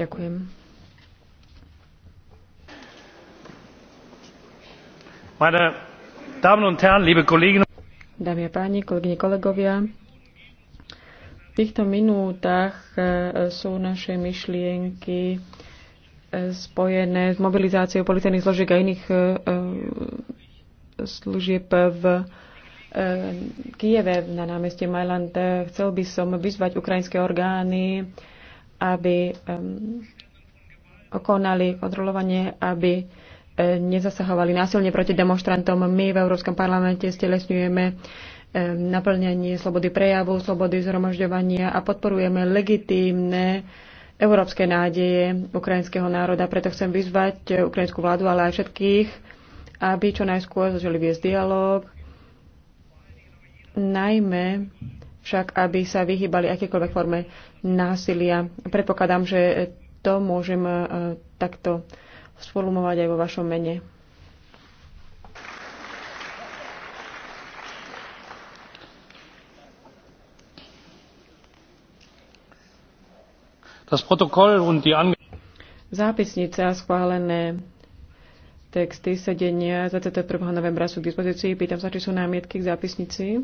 Ďakujem. Meine Damen und Herren, liebe Kolleginnen Dámy a páni, kolegyne, kolegovia, v týchto minútach e, sú naše myšlienky e, spojené s mobilizáciou policajných zložiek a iných e, služieb v Kieve na námestie Majland. Chcel by som vyzvať ukrajinské orgány, aby konali kontrolovanie, aby e, nezasahovali násilne proti demonstrantom. My v Európskom parlamente stelesňujeme naplňanie slobody prejavu, slobody zhromažďovania a podporujeme legitímne európske nádeje ukrajinského národa. Preto chcem vyzvať ukrajinskú vládu, ale aj všetkých, aby čo najskôr začali viesť dialog, najmä však aby sa vyhýbali akékoľvek forme násilia. Predpokladám, že to môžem e, takto sformulovať aj vo vašom mene. Das Protokoll und die Ange Zápisnice a schválené texty sedenia 21. novembra sú k dispozícii. Pýtam sa, či sú námietky k zápisnici.